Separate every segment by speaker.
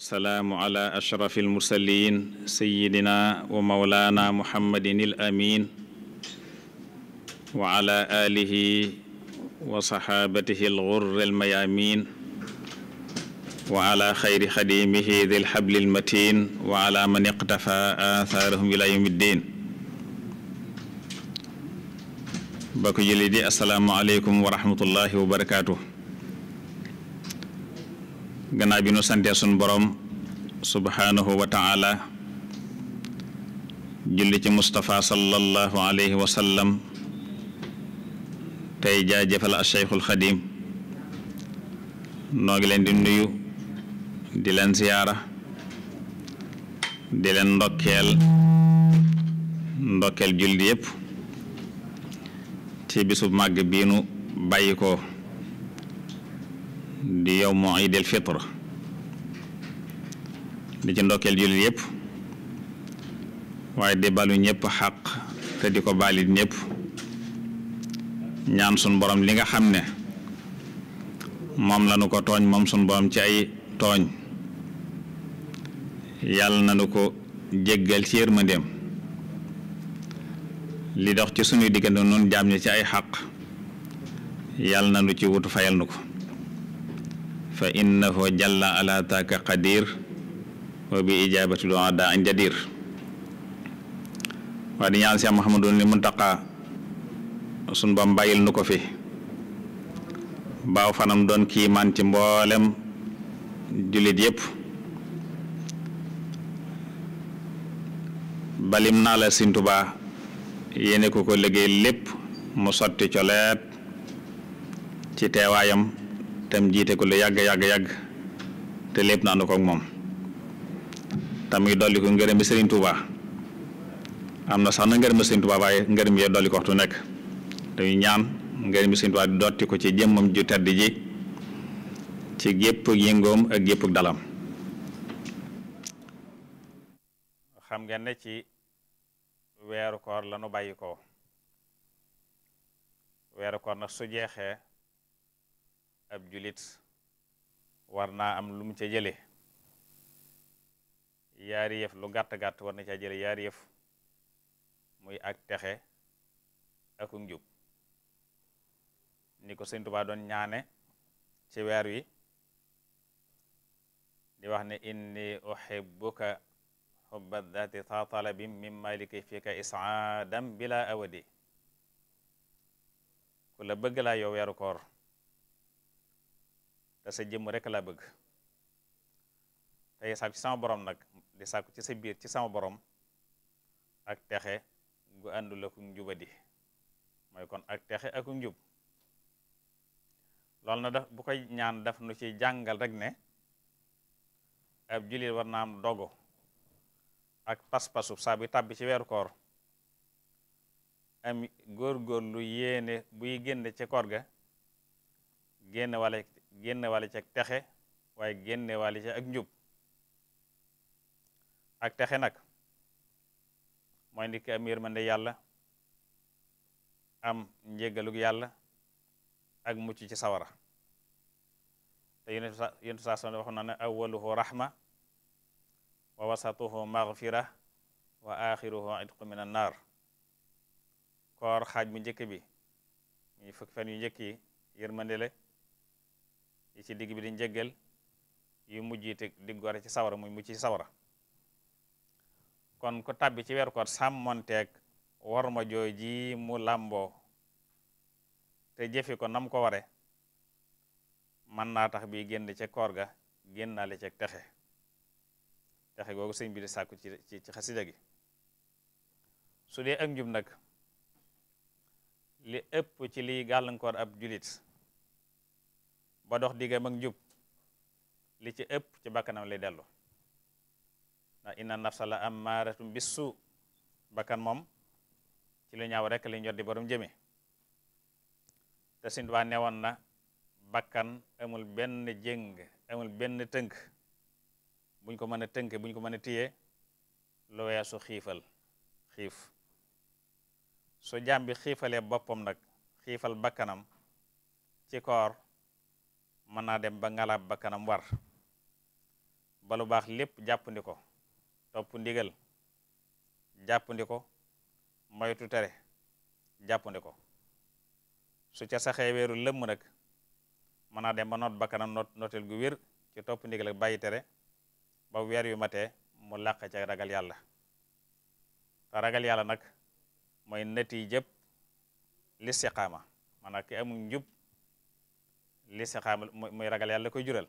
Speaker 1: salaamu ala ashrafi almursalin sayidina wa maulana muhammadin il amin wa ala alihi wa saxaabatihi alxurr almayamin wa ala xayri xadimihi di lxabli almatin wa ala man iqtafa athaarahum ila yawmi ddin bako jëli di asalaamu aleykum wa rahmatullahi wa barakatuh gannaaw bi nu santee sun borom subhaanahu wa julli ci Moustapha sallallahu alayhi wa sallam tey jaajëfal a Cheikhul Xadim noo ngi leen di nuyu di leen ziyaara di leen ndokkeel ndokkeel julli yépp ci bisub màgg biinu bàyyi di yow mu iidil fitr di ci ndokkeel jullit yépp waaye di balu ñépp xaq te di ko baalit ñépp ñaan sun borom li nga xam ne moom la nu ko tooñ moom sun borom ci ay tooñ yàlla na nu ko jéggal ci yërmandeem li dox ci sunuy diggante noonu jaam ñi ci ay xaq yàlla na nu ci wutu fayal nu ko fa innahu jalla ala taaka qadir wa bi ijabati doa da an jadir waa ñaan si Muhammadun li muntaqa sun ba mbayil nu ko fi baaw fanam doon kiimaan ci mboolem jullit yépp balim naa la Sëñ Tuubaa yéene ko ko liggéey lépp mu sotti coleet ci teewaayam tam jiite ko lu yàgg yàgg yàgg te lépp na ànd ko moom tamuy dolli ko ngërëm bi Serigne Touba am na sax na ngërëm bi Serigne Touba waaye ngërëm yee dolli ko waxtu nekk dañuy ñaan ngërëm bi Serigne Touba dotti ko ci jëmmam ju tedd ji ci gépp yëngoom ak gépp dalam. xam ngeen ne ci weeru koor lanu bàyyi ko weeru koor nag su jeexee. ab julit war naa am lum mu ca jële yaari yëf lu gàtt-gàtt war na caa jële yaari yëf muy ak texe ak ni ko Sëñ Tuubaa ñaane ci weer wi di wax ne inni uhibbuka hubba dhati ta talabin min maliki fika isaadan bila awadi ku la bëgg laa yow weeru koor te sa jëmm rekk laa bëgg tey sàkku ci sama borom nag di sàkku ci sa biir ci sama boroom ak texe gu àndul ak njubadi mooy kon ak texe ak njub loolu na daf bu koy ñaan daf nu ci jàngal rek ne ab jullit war naa am dogu ak pas-pasu saa tàbbi ci weeru koor am góor-góor yéene buy génn ci koor ga génn wala génne wàll ci ak texe waaye génne wàll ci ak njub ak texe nag mooy nit ki am yërmande yàlla am njéggalug yàlla ak mucc ci sawara te yéen sa yéen saa soxna waxoon na ne awwaluhu wa wasatuhu maghfira wa axiruhu itqu min an naar koor xaaj mu njëkk bi ñuy fukk fan yu njëkk yi yërmande la yi ci digg bi di njëggal yu mujj yi diggoore ci sawara muy mucc ci sawara kon ko tàbbi ci weeru koor sàmmonteeg war ma joo ji mu làmboo te jëfi ko nam ko ware mën naa tax bi génn ca koor ga génnaale ceeg texe texe googu sëñ bi di sàkku ci ci gi su dee ak njub nag li ëpp ci liy gàllankoor ab julit ba dox diggam njub li ci ëpp ci bakkanam lay dellu ndax inna nafsa la ammaaratum bissu bakkan moom ci lu ñaaw rek li njot di borom jëme te sintubaa newoon na bakkan amul benn jéng amul benn tënk buñ ko mën a tënk buñ ko mën a téye lu weesu xiifal xiif su jaam bi xiifalee boppam nag xiifal bakkanam ci koor mën naa dem ba ngalaab ba kanam war ba baax lépp jàppandi ko topp ndigal jàppandi ko moytu tere jàppandi ko su ca saxee weeru lëmm nag mën naa dem ba noot bakkanam kanam noot nooteel gu wér ci topp ndigal ak tere ba weer yu matee mu làq ca ragal yàlla te ragal yàlla nag mooy nati jëpp listiqaama maanaam ki amul njub listixaama mooy ragal yàlla koy jural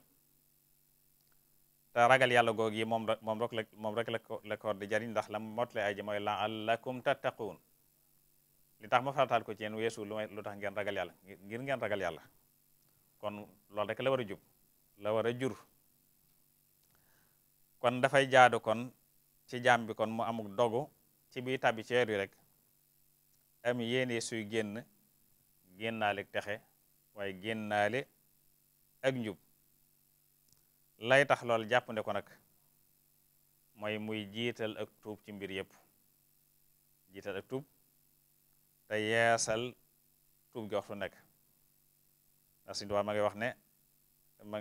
Speaker 1: ta ragal yàlla googu yi moom moom rek la moom rek la ko la ko di jariñ ndax la motle ay ji mooy laallakum tattaquun li tax ma farataal ko ci yéen weesu lu may tax ngeen ragal yàlla ngir ngeen ragal yàlla kon loolu rek la war a jub la war a jur kon dafay jaadu kon ci jaam bi kon mu amuk dogu ci biy tàbbi ci weer wi rek am yéene suy génn génnaalik texe waaye génnaale ak njub lay tax lool jàppande ko nag mooy muy jiital ak tuub ci mbir yépp jiital ak tuub te yeesal tuub gi waxtu nekk ndax suñu wax ne ma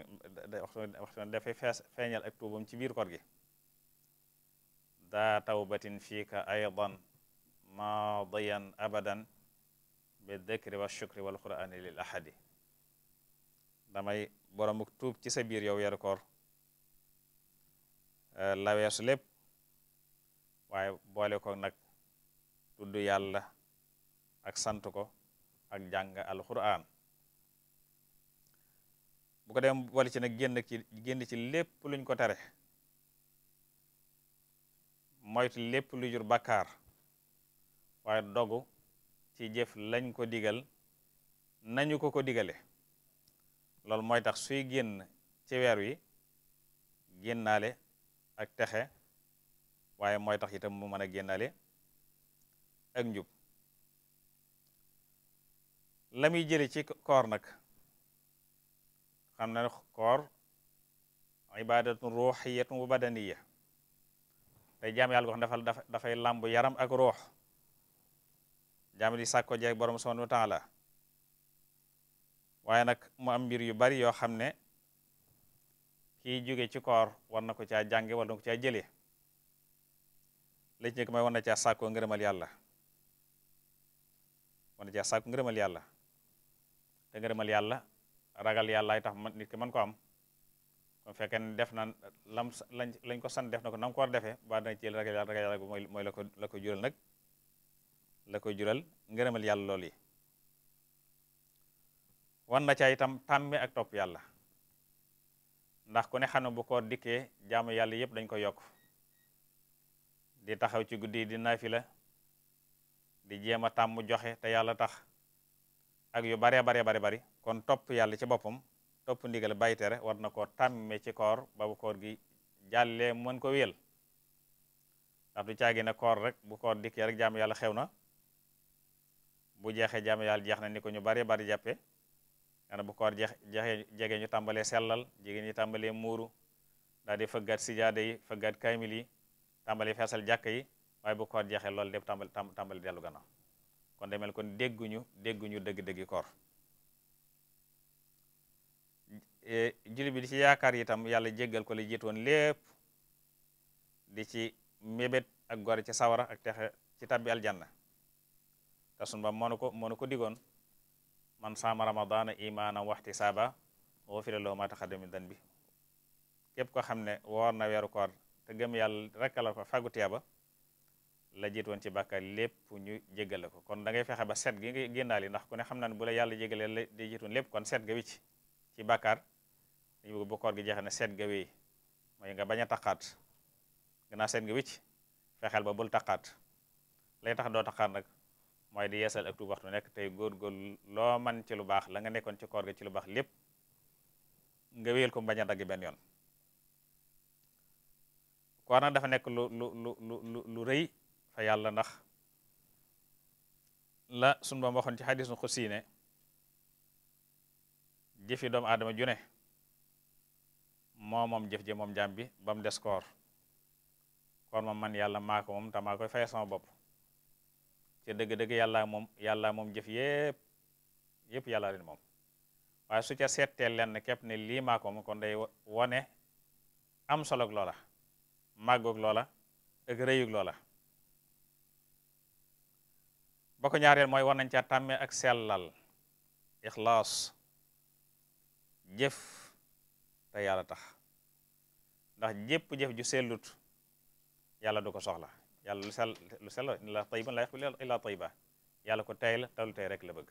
Speaker 1: waxtu ne dafay fees feeñal ak tuubam ci biir koor gi daa batin fiika aydan maadiyan abadan bi dhikri wa shukri wal qur'ani lil ahadi damay boromuk tuub ci sa biir yow weeru koor euh, la lépp waaye boole ko nag tudd yàlla ak sant ko ak jàng alquran bu ko dem boole ci nag génn ci lépp luñ ko tere moytu lépp lu jur bakkaar waaye dogu ci jëf lañ ko digal nañu ko ko digale loolu mooy tax suy génn ci weer wi génnaale ak texe waaye mooy tax itam mu mën a génnaale ak njub la jële ci koor nag xam na ne koor ibadatun ruuxiyatun wa badaniya te jaam yàlla goo dafay làmb yaram ak ruux jaam di sàkko jeeg borom subhanahu wa taala waaye nag mu am mbir yu bari yoo xam ne kii jóge ci koor war na ko caa jànge war ko caa jëlee li ci nekk mooy war na caa sàkko ngërëmal yàlla war na caa sàkko ngërëmal yàlla te ngërëmal yàlla ragal yàlla ay tax nit ki mën ko am kon fekkee ne def na lam lañ lañ ko sant def na ko nam ko war defee ba dana ci ragal yàlla ragal yàlla mooy la ko la ko jural nag la koy jural ngërëmal yàlla lool yi wan na ca itam tàmmi ak topp yàlla ndax ku ne xam ne bu koor dikkee jaamu yàlla yëpp dañ ko yokk di taxaw ci guddi di naafila di jéem a tàmm joxe te yàlla tax ak yu baree bare bari bari kon topp yàlla ci boppam topp ndigal bàyyi war na koo tàmme ci koor ba bu koor gi jàllee mën ko wéel ndax du caagi koor rek bu koor dikkee rek jaamu yàlla xew na bu jeexee jaamu yàlla jeex na ni ko ñu bare bari jàppe na bu koor jeex jeexee jege ñu tàmbalee sellal jigéen ñu tàmbalee muuru daal di fëggaat sijaada yi fëggaat kaamil yi tàmbalee feesal jàkk yi waaye bu koor jeexee loolu lépp tàmbali tàmbali dellu gannaaw kon demel kon dégguñu dégguñu dëgg-dëggi koor e, julli bi di ci yaakaar yitam yàlla jéggal ko la jiit woon lépp di ci mébét ak gore ci sawara ak texe ci tabbi aljanna te sunu ba mënu ko mënu ko digoon man saama ramadana imaanam waxti saaba wufira lahu ma taqaddama min danbi képp ko xam ne woor na weeru koor te gëm yàlla rek la ko fàggu tiyaaba la jiit ci bàkkaar lépp ñu jéggale ko kon da fexe ba set gi nga génnaali ndax ku ne xam na ne bu la yàlla jégalee la di jiitoon lépp kon set ga wicc ci bàkkaar dañu bëgg bu koor gi jeexee ne set ga wéy mooy nga bañ a taqaat gannaaw set ga wicc fexeel ba bul taqaat lay tax doo taqaat nag mooy di yeesal ak tuub waxtu nekk tey góorgóorlu loo man ci lu baax la nga nekkoon ci koor gi ci lu baax lépp ko bañ a dagg benn yoon koor nag dafa nekk lu lu lu lu lu rëy fa yàlla ndax la sunu Boroom waxoon ci xadiisul xudsi ne jëfi doomu aadama ju ne moo moom jëf ji moom jaam bi ba mu des koor kon moom man yàlla maako moom te maa koy fay sama bopp dëgg-dëgg yàlla moom yàlla moom jëf yépp yépp yàlla leen moom waaye su ca seetee lenn képp ne lii maa ko moom kon day wone am soloog loola màggoog lola ak rëyug loola ba ko ñaareel mooy war nañ caa tàmmee ak sellal ixlaas jëf te yàlla tax ndax jépp jëf ju sellut yàlla du ko soxla yàlla lu sell lu sell la tayyiban laa yuhibbu illaa tayyiba yàlla ko tey la talu tey rek la bëgg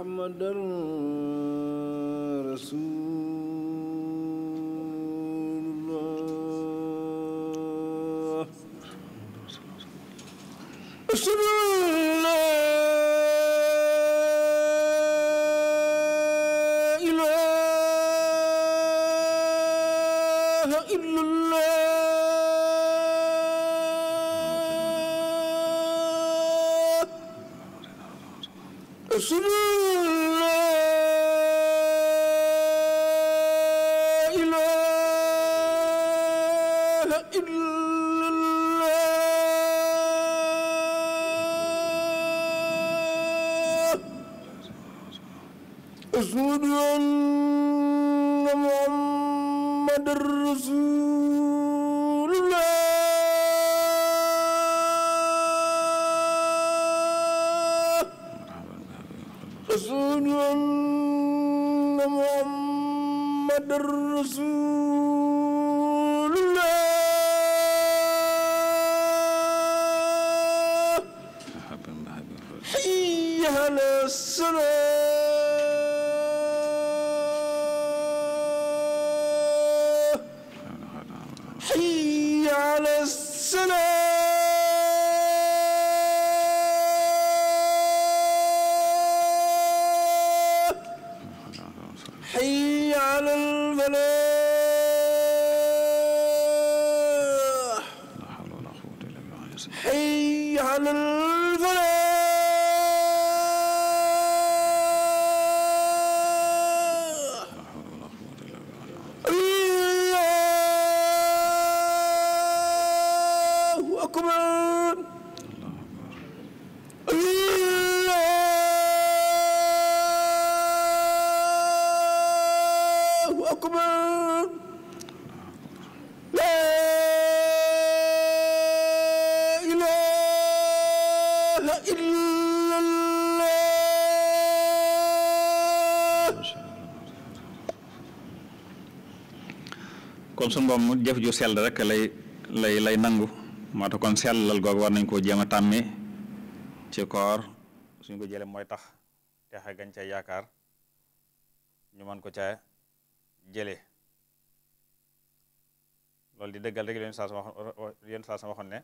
Speaker 1: محمدا comme suñu boom jëf ju sell rek lay lay lay nangu moo tax kon sellal googu war nañ koo jéem a tàmmi ci suñ ko jëlee mooy tax texe gañ ca yaakaar ñu mën ko ca jële loolu di dëggal rek yéen saa sama yéen saa sama waxoon ne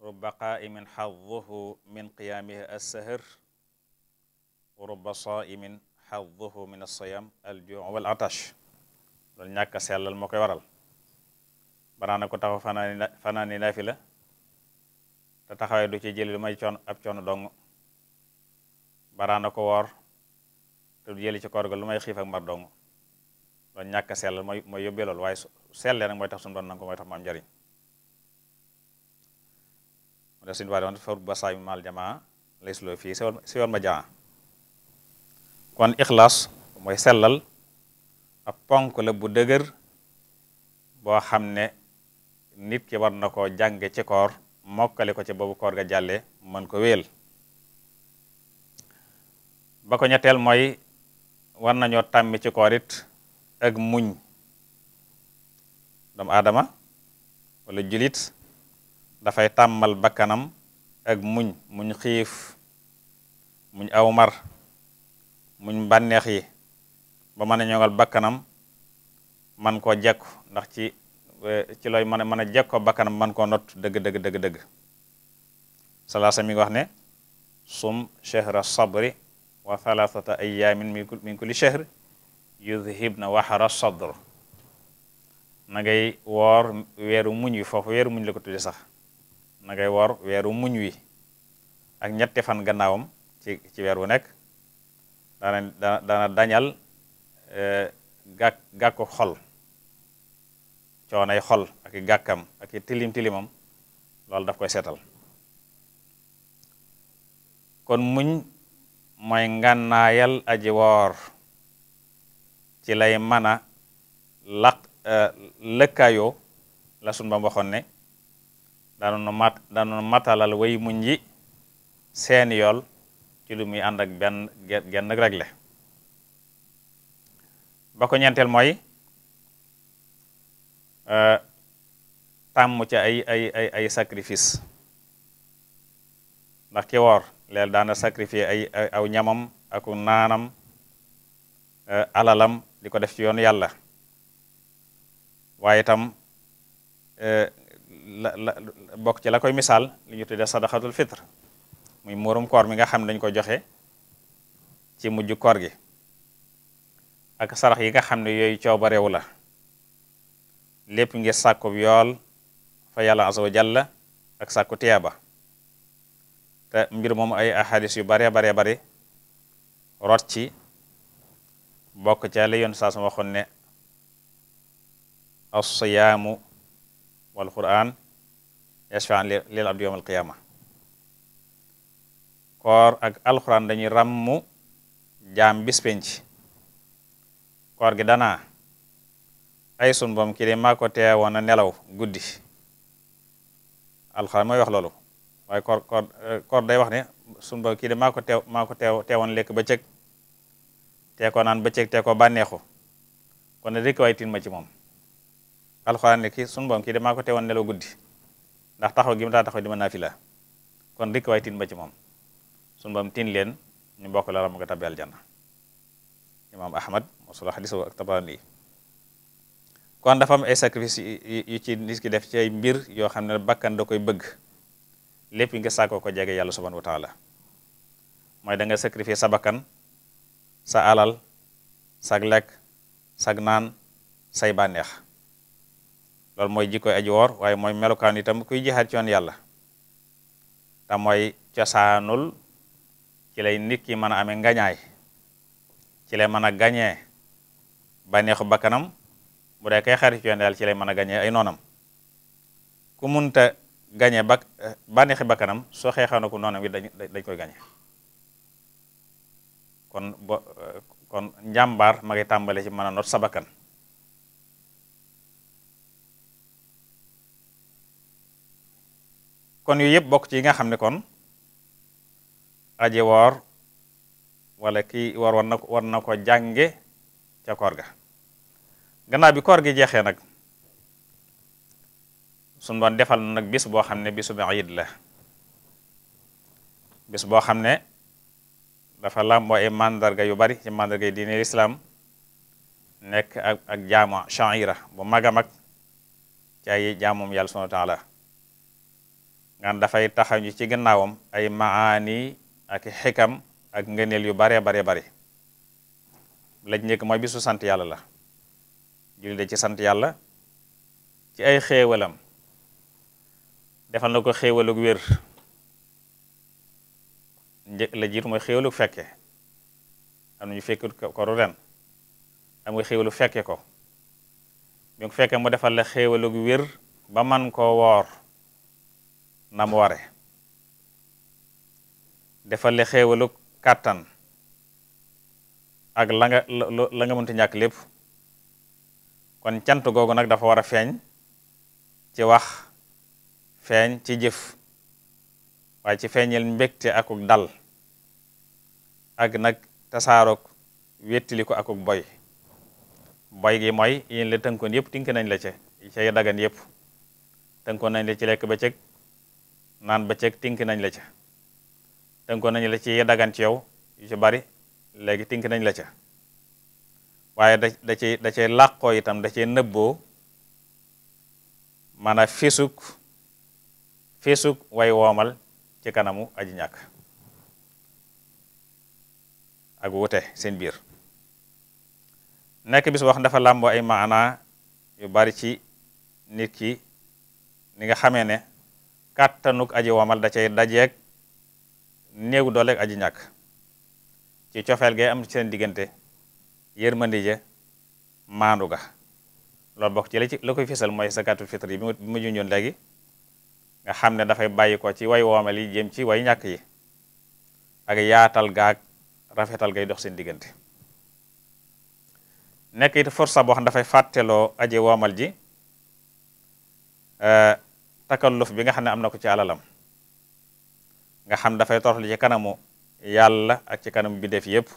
Speaker 1: rubba qaa'imin xadduhu min qiyaamihi as rubba saa'imin xadduhu min as al-juu' wal-'atash loolu ñàkk a sellal moo koy waral banaana ko taxaw fanaani fanaani naafi la te taxawee du ci jëli lu may coon coono dong baraana ko woor te du jëli ci koor ga lu may xiif ak mar dong loolu ñàkk a sellal mooy mooy yóbbee loolu waaye sellee nag mooy tax suñu doon nangu mooy tax mu njariñ mu def suñu waa doon fawr ba saay maal jamaa lay suloo fii si wal ma jamaa kon ixlaas mooy sellal ab ponk la bu dëgër boo xam ne nit ki war na koo jànge ci koor mokkale ko ci boobu koor ga jàlle man ko wéel ba ko ñetteel mooy war nañoo tàmmi ci koor ak muñ doomu aadama wala julit dafay tàmmal bakkanam ak muñ muñ xiif muñ awmar muñ bànneex yi ba mën a ñoŋal bakkanam man koo jekku ndax ci eh, ci looy mën a mën a jekkoo bakkanam man koo not dëgg dëgg dëgg dëgg salaasa mi wax ne sum chehra sabri wa thalathata ayamin min kulli chehr yudhib na waxara sadr na woor weeru muñ wi foofu weeru muñ la ko tudde sax nangay ngay woor weeru muñ wi ak ñetti fan gannaawam ci weer wu nekk daana dañal Eh, gàkk gàkku xol coonay xol ak i gàkkam ak i tilim tilimam loolu daf koy setal kon muñ mooy ngànnaayal aji woor ci lay mën a laq eh, lëkkaayoo la sun ba ne daanoonu mat matalal way muñ seen yool ci lu muy ànd ak benn genn regle ba ko moy mooy euh, tàmm ci ay ay ay ay sacrifice ndax ki woor leel daana sacrifier ay aw ñamam ako naanam euh, alalam di ko def ci yoonu yàlla waaye itam euh, la la ci la koy misaal li ñu tuddee sadaqatul fitr muy muurum koor mi nga xam dañ ko joxe ci mujj koor gi ak sarax yi nga xam ne yooyu coobarewu la lépp ngi sàkku yool fa yàlla azza wa ak sàkku tiyaaba te mbir moomu ay ahadis yu bare bare bare ci bokk ca la yoon saa sama waxoon ne siyaamu wal quraan yashfaan lil abdi yawmal qiyaama koor ak alquran dañuy ràmmu jaam bis koor gi danaa ay sun boom kii de maa ko tee woon nelaw guddi alxuraan mooy wax loolu waaye koor koor koor day wax ne sun boom kii de maa ko teew maa ko teew teewoon lekk bëccëg tee ko naan ba tee ko bànneexu kon ne rek waay tin ma ci moom alxuraan ne kii sun boom kii de maa ko teewoon nelaw guddi ndax taxaw gi mu daa taxaw di kon rek waay ci moom sun boom leen ñu bokk la ram nga tabbi aljanna imaam ahmad solo xadis boobu ak tabaani kon dafa am ay sacrifice yu ci nit ki def ci ay mbir yoo xam ne bakkan da koy bëgg lépp nga sàkkoo ko jege yàlla subhanahu wa taala mooy danga nga sacrifice sa bakkan sa alal sag lekk sag naan say bànneex loolu mooy jikkoy aji waaye mooy melukaan itam kuy jihaad ci yoon yàlla te mooy cosaanul ci lay nit ki mën a amee ngañaay ci lay mën a gañee bànneexu bakkanam bu dee kay xarit yoon daal ci lay mën a gañee ay noonam ku munta gañee ba bànneexi bakkanam soo xeexaana ko noonam yi dañ dañ koy gañe kon bo kon njàmbaar ma ngi tàmbale ci mën a not sa bakkan kon yooyu yëpp bokk ci yi nga xam ne kon aji woor wala kii woor war na ko na ko jànge ca koor ga gannaaw bi koor gi jeexee nag suñu defal nag bis boo xam ne bisu iid la bis boo xam ne dafa làmboo ay mandarga yu bari ci mandarga yi diine lislaam nekk ak ak jaamu shaira bu mag a mag ci ay jaamum yàlla subhanahu wa taala ngan dafay taxañu ci gannaawam ay maani ak xikam ak ngëneel yu baree baree bari la njëkk mooy bisu sant yàlla la julli de ci sant yàlla ci ay xéewalam defal na ko xéewalug wér la jiitu mooy xéewalug fekke am nañu fekkul ko ru ren am nga xéewalu fekke ko bi fekke fekkee mu defal la xéewalug wér ba man koo woor na ware defal la xéewalug kàttan ak la nga la nga mënti ñàkk lépp kon cant googu nag dafa war a feeñ ci wax feeñ ci jëf waaye ci feeñel mbégte akuk dal ak nag tasaarook wéttili ko akuk boy boy gi mooy yéen le tënkoon yëpp tink nañ la ca cay dagan yëpp tënkoon nañ la ci lekk ba cëg naan ba cëg tink nañ la ca tënkoon nañ la ci dagan ci yow yu ci bari léegi tink nañ la ca waaye da da cay da cay làqoo itam da cay nëbboo maanaam fisuk fisuk way womal ci kanamu aji ñàkk ak wute seen biir nekk bis wax dafa lamboo ay maana yu bari ci nit ki ni nga xamee ne kàttanuk aji woomal da cay dajeek néew doole aji ñàkk ci cofeel gay am seen diggante yërmande ja maandu ga loolu bokk ci la ci la koy fisal mooy sa sakatu fitr yi bi ma junjoon léegi nga xam ne dafay bàyyi ci way woomel yi jëm ci way ñàkk yi ak yaatal gaag rafetal gay dox seen diggante nekk it forsa boo xam dafay fàtteloo aje woomal ji euh, takalluf bi nga xam ne am na ko ci alalam nga xam dafay toroxlu ci kanamu yàlla ak ci kanamu biddeef yëpp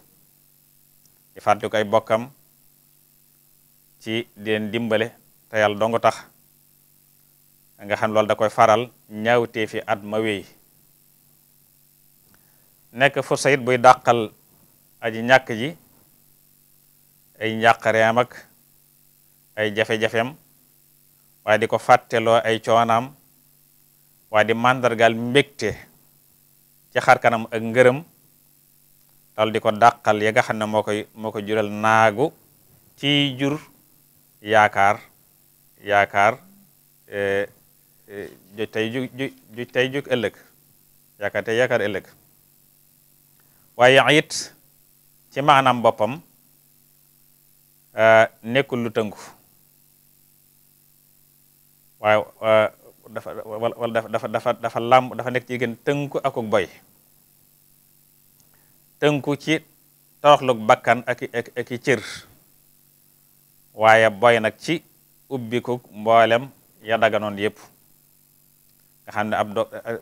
Speaker 1: ci fàttaliku ay bokkam ci di leen dimbale te yàlla tax nga xam loolu da koy faral ñaawtee fi at ma wéy nekk fursa it buy dàqal aji ñàkk ji ay njàqareem ak ay jafe wadi waaye di ko fàtteloo ay coonaam waaye di màndargaal ci xar kanam ak ngërëm dal di ko dàqal ya nga xam ne moo koy moo ko jural naagu ci jur yaakaar yaakaar e, e, ju tey ju ju tey ju ëllëg yaakaar tey yaakaar ëllëg waaye it ci maanaam boppam e, nekkul lu tënku waaye dafa wala dafa dafa dafa dafa làmb dafa nekk ci gën tënku akuk boy tënku ci toroxlug bakkan ak ak ak i cër waaye boy nag ci ubbiku mboolem ya daganoon yëpp nga xam ne ab do eh, eh,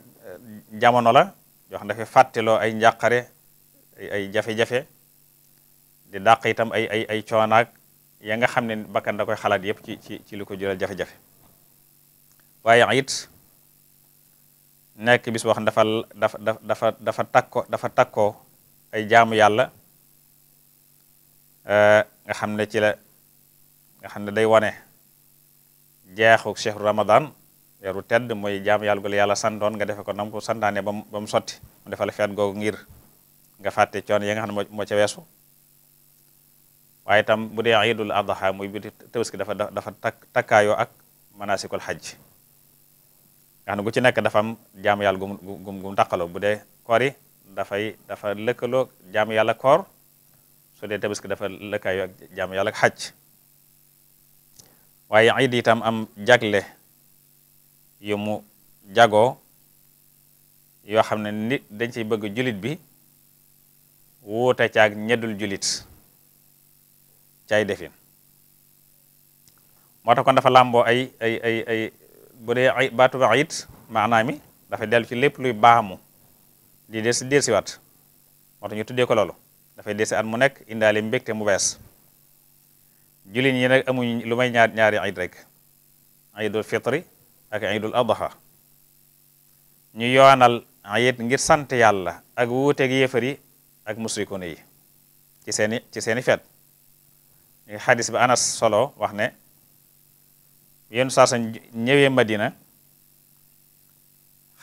Speaker 1: jamono la yoo xam dafa fàttiloo ay njàqare ay jafe-jafe di dàq itam ay ay ay coonaak ya nga xam ne bakkan da koy xalaat yëpp ci ci ci li ko jural jafe-jafe waaye it nekk bis boo xam dafa dafa dafa dafa takko ay jaamu yàlla eh, nga xam ne ci la nga xam ne day wane jeexu chehru ramadan weeru tedd mooy jaamu yal gu la yàlla santoon nga defe ko nam ko santaane ba mu ba mu sotti mu defal feet googu ngir nga fàtte coon yi nga xam ne moo ca weesu waaye itam bu dee iidul adha mooy bi tabaski dafa dafa takk takkaayoo ak manasikul xaj nga xam ne gu ci nekk dafa am jaamu yàlla gum gum gum bu dee koor dafay dafa lëkkaloo jaam yàlla koor su dee tabaski dafa lëkkaayoo ak jaam yàlla ak xaj waaye iid itam am jagle yu mu jagoo yoo xam ne ni dañ ciy bëgg julit bi wuute caag ñeddul julit cay defin moo tax kon dafa làmboo ay ay ay ay bu dee baatu iid maanaam mi dafa dellu ci lépp luy baamu di des del siwaat moo ñu tuddee ko loolu dafa desi at mu nekk indaale mbégte mu bees jullit ñi nag amuñ lu may ñaar ñaari iid rek iidul fitri ak iidul adha ñu yoonal iid ngir sant yàlla ak wuuteeg yéefar ak musrikun yi ci seeni ci seeni feet ñu xadis ba anas solo wax ne yéen saa sa madina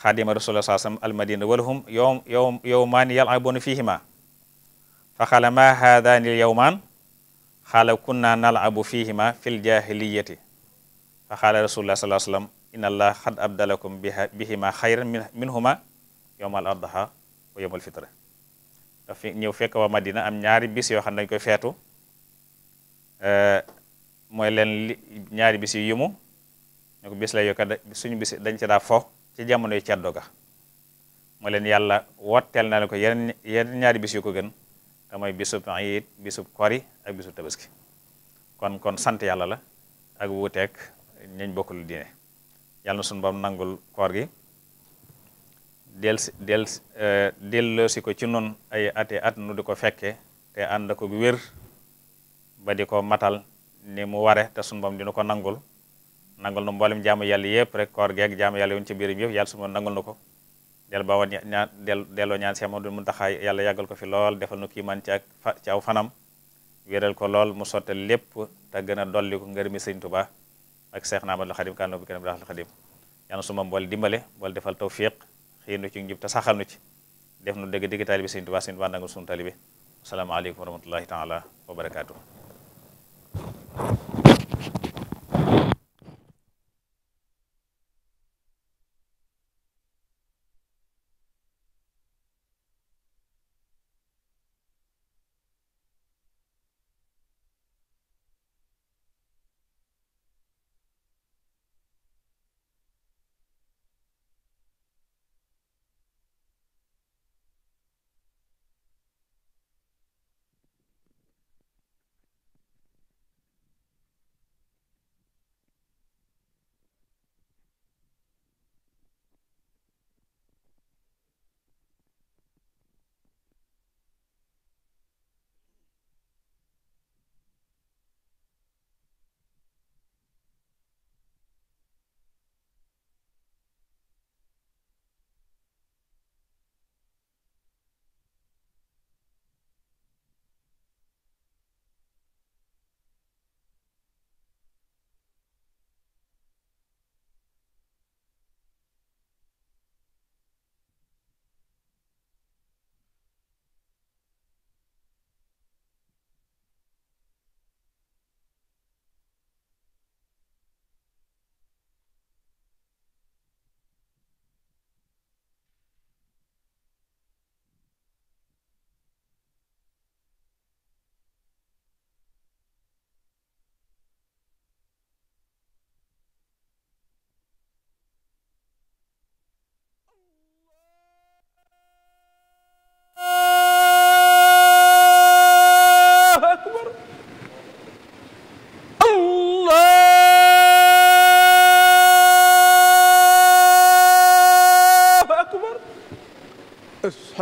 Speaker 1: xaadima rasulullah saa sallam almadina walahum yow yow fihima fa xaala ma haadaani l yowmaan xaala kunna nalabu fihima fi l fa xaala rasulullah saa sallam inna allah xad abdalakum biha bihima xayran minhuma yowma al adha wa yowma al fitre dafa madina am ñaari bis yoo xam ne dañ koy feetu mooy leen ñaari bis ko bis la suñu bis dañ ci fo ci jamonoy ceddo ga mu leen yàlla wotteel na leen ko yeneen yeneen ñaari bis yu ko gën te mooy bisub iid bisub kori ak bisub tabaski kon kon sant yàlla la ak wuuteeg ñañ bokkul diine yàlla na suñu nangul koor gi del si del eh, ko ci noonu ay ate at nu di ko fekke te ànd ko wér ba di ko matal ni mu ware te suñu bam dina ko nangul nangal na mboolem jaamu yàlla yëpp rek koor geeg jaamu yàlla yoon ci biiram yëpp yàlla su ma nangal na ko del bawa ñaan del delloo ñaan Seex Amadu Muntaxa yàlla yàggal ko fi lool defal nu kiimaan ci ak ci aw fanam wéeral ko lool mu sotte lépp te gën a dolli ko ngërëmi Sëñ Tuubaa ak Seex Ahmadu Xaadim kànno bi kenn bi raxal Xaadim yàlla suma mbool dimbale mbool defal tawfiq xëy nu ci njub te saxal nu ci def nu dëgg dëgg taalibi Sëñ Tuubaa Sëñ Tuubaa nangal sunu taalibi asalaamaaleykum wa rahmatullahi taala wa barakaatu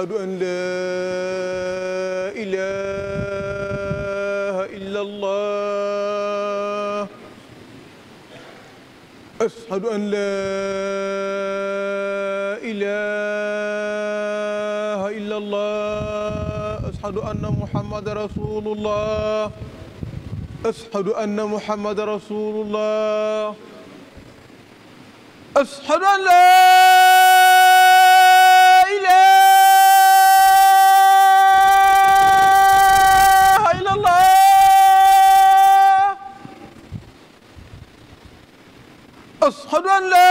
Speaker 2: ashhadu an laa ilaaha illallaah ashhadu an laa ilaaha illallaah ashhadu anna muhammadan rasuulullaah ashhadu anna muhammadan rasuulullaah ashhadu an laa أشهد أن لا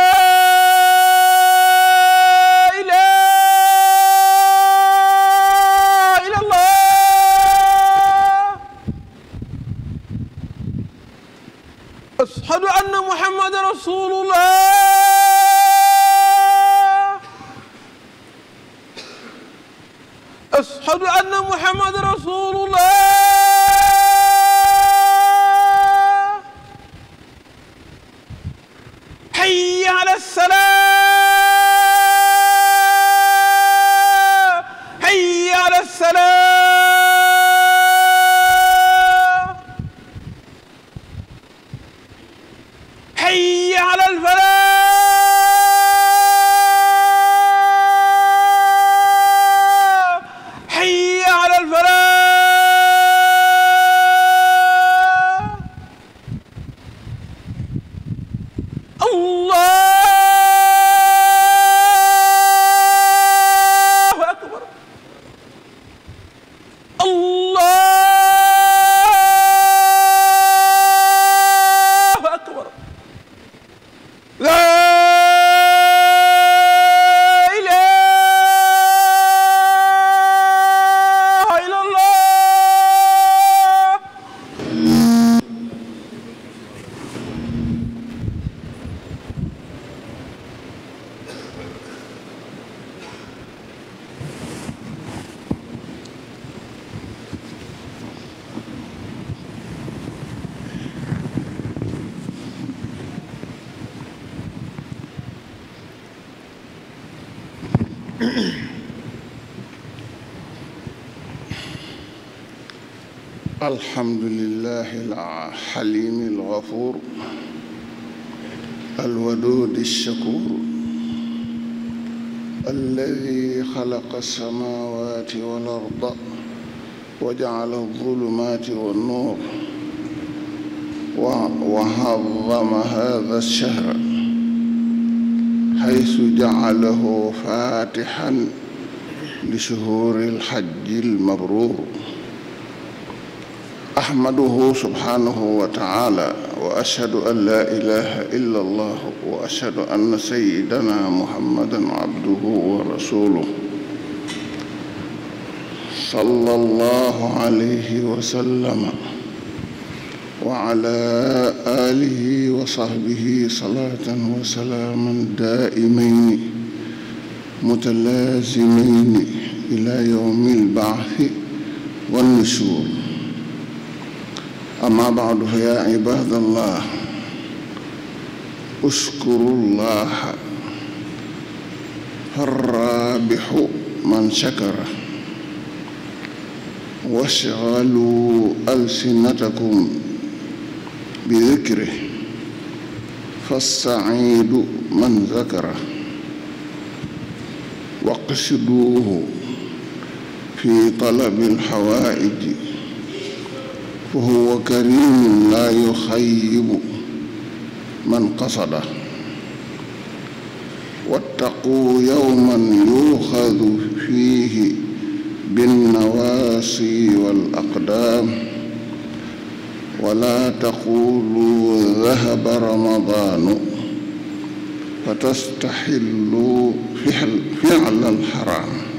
Speaker 3: الحمد لله الحليم الغفور الودود الشكور الذي خلق السماوات والأرض وجعل الظلمات والنور وعظم هذا الشهر حيث جعله فاتحا لشهور الحج المبرور أحمده سبحانه وتعالى وأشهد أن لا إله إلا الله وأشهد أن سيدنا محمدا عبده ورسوله صلى الله عليه وسلم وعلى آله وصحبه صلاة وسلاما دائمين متلازمين إلى يوم البعث والنشور أما بعد فيا عباد الله اشكروا الله فالرابح من شكر واشغلوا ألسنتكم بذكره فالسعيد من ذكره واقصدوه في طلب الحوائج wa huwa karimun laa yuxayyibu man qasada wattaquu yawman yuuxadu fiihi binnawaasi wal aqdaam wala taquluu dahaba ramadaanu fa tastaxilluu fi'lal xaraam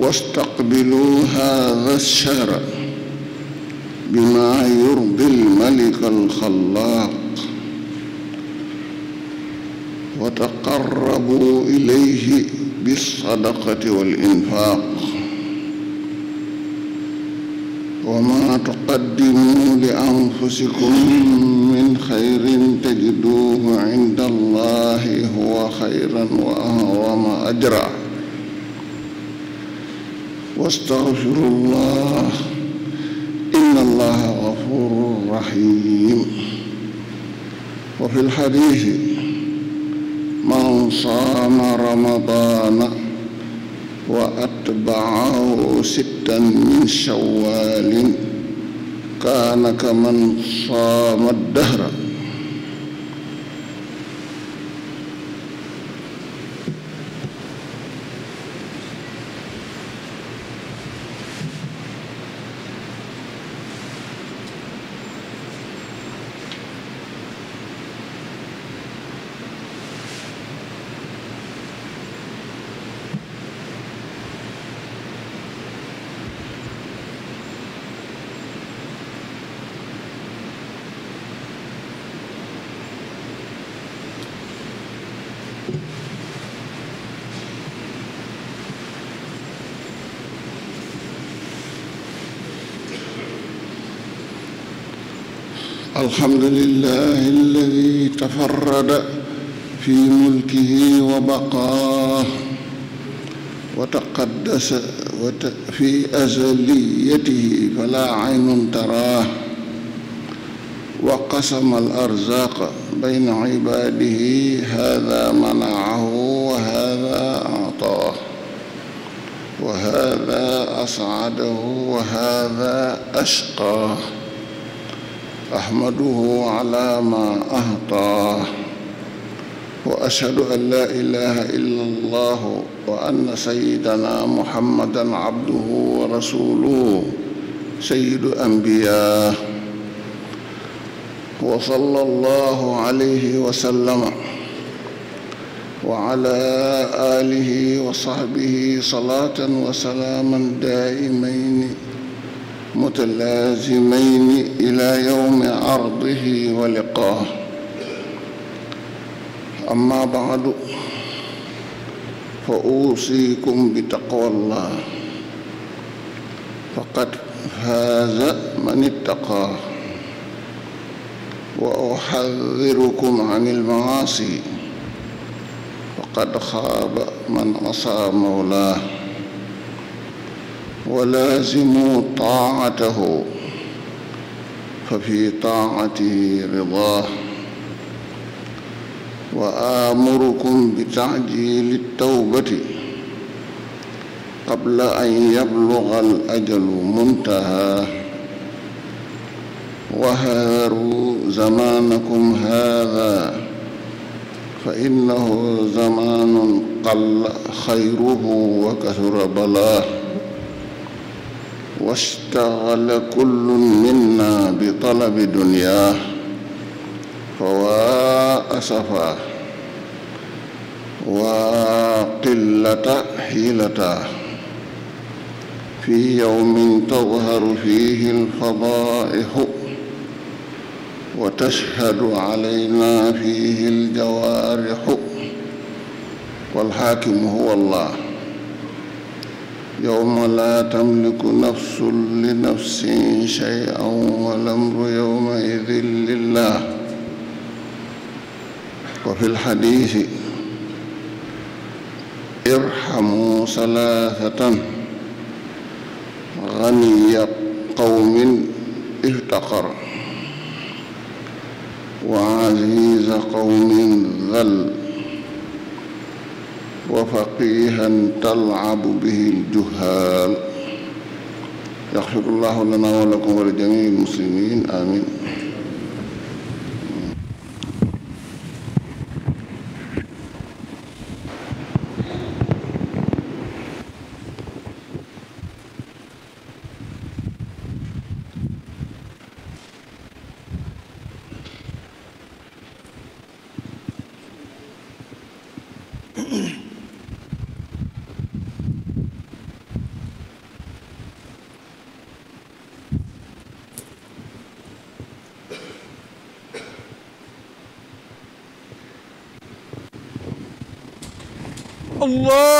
Speaker 3: واستقبلوا هذا الشهر بما يرضي الملك الخلاق وتقربوا إليه بالصدقة والإنفاق وما تقدموا لأنفسكم من خير تجدوه عند الله هو خيرا وأعظم أجرا واستغفروا الله إن الله غفور رحيم وفي الحديث من صام رمضان وأتبعه ستا من شوال كان كمن صام الدهر الحمد لله الذي تفرد في ملكه وبقاه وتقدس في أزليته فلا عين تراه وقسم الأرزاق بين عباده هذا منعه وهذا أعطاه وهذا أسعده وهذا أشقاه أحمده على ما أعطاه وأشهد أن لا إله إلا الله وأن سيدنا محمدا عبده ورسوله سيد أنبياء وصلى الله عليه وسلم وعلى آله وصحبه صلاة وسلاما دائمين متلازمين إلى يوم عرضه ولقاه أما بعد فأوصيكم بتقوى الله فقد فاز من اتقاه وأحذركم عن المعاصي وقد خاب من عصى مولاه ولازموا طاعته ففي طاعته رضاه وآمركم بتعجيل التوبة قبل أن يبلغ الأجل منتهى وهاروا زمانكم هذا فإنه زمان قل خيره وكثر بلاه واشتغل كل منا بطلب دنياه فوا أسفا وقلة حيلته في يوم تظهر فيه الفضائح وتشهد علينا فيه الجوارح والحاكم هو الله yowma laa tamliku nafsun li nafsin shay'an wal amru yowma idin lillah wa fi lxadiisi irxamu salaasatan ganiya qawmin iftaqar wa aziza qawmin dhal وفقيها تلعب به الجهال يغفر الله لنا ولكم ولجميع المسلمين آمين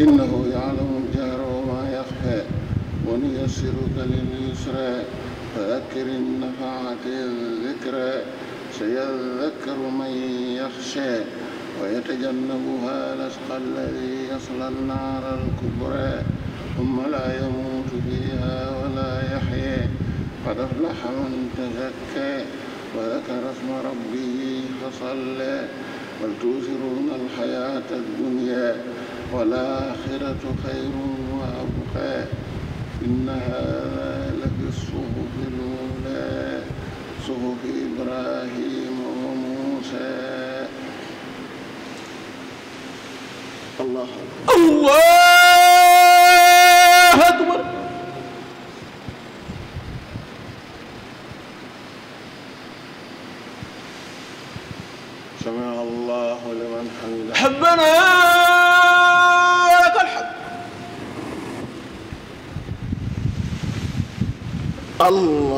Speaker 3: إنه يعلم الجهر وما يخفى ونيسرك لليسرى فذكر النفعة الذكرى سيذكر من يخشى ويتجنبها الأشقى الذي يصلى النار الكبرى ثم لا يموت فيها ولا يحيى قد أفلح من تزكى وذكر اسم ربه فصلى بل تؤثرون الحياة الدنيا والآخرة خير وأبقى إن هذا لفي الصحف الأولى صحف إبراهيم وموسى الله
Speaker 2: الله
Speaker 3: الله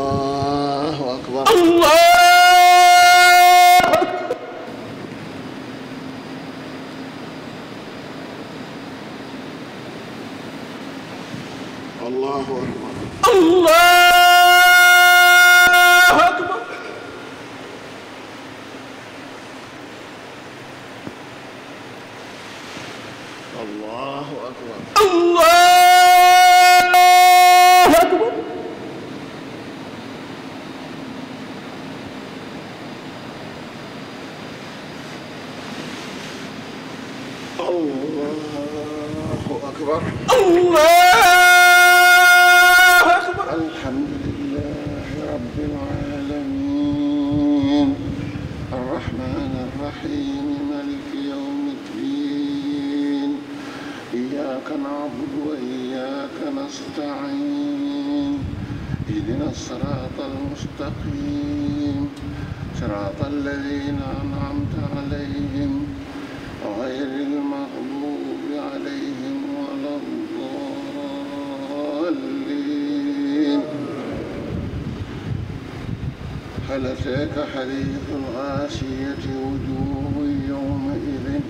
Speaker 3: أتاك حديث الغاشية وجوه يومئذ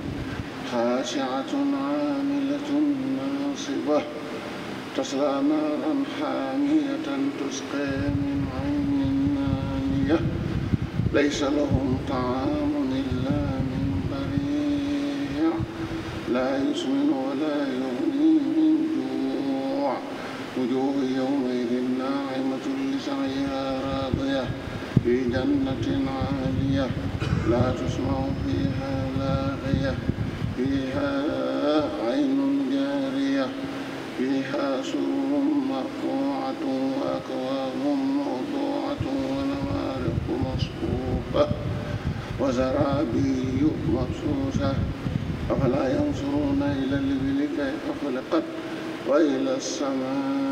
Speaker 3: خاشعة عاملة ناصبة تصلى نارا حامية تسقى من عين آنية ليس لهم طعام إلا من بريع لا يسمن ولا يغني من جوع وجوه يومئذ ناعمة لسعيها في جنة عالية لا تسمع فيها لاغية فيها عين جارية فيها سرر مرفوعة وأكواب موضوعة ونمارق مصفوفة وزرابي مبسوسة أفلا ينظرون إلى الإبل كيف خلقت وإلى السماء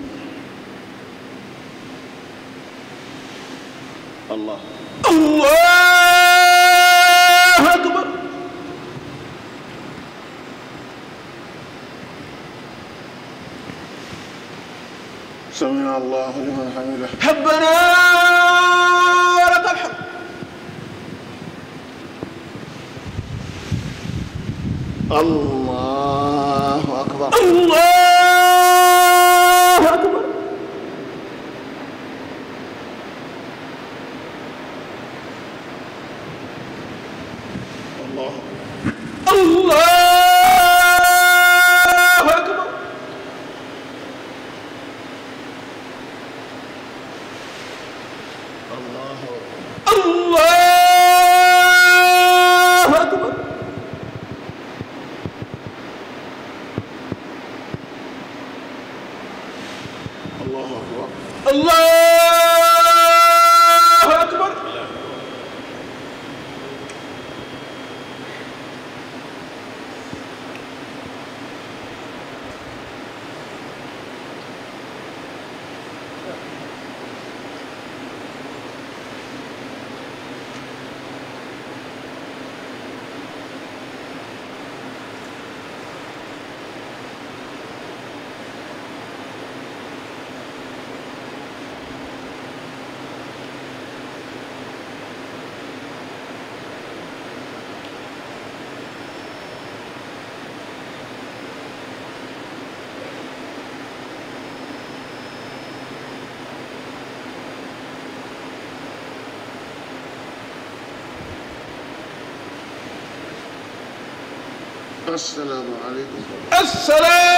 Speaker 2: allah allahu akbar sami allahu liman hamida rabbana walakal hamd allahu akbar allah
Speaker 3: asalaamaaleykum.
Speaker 2: asalaamaaleykum.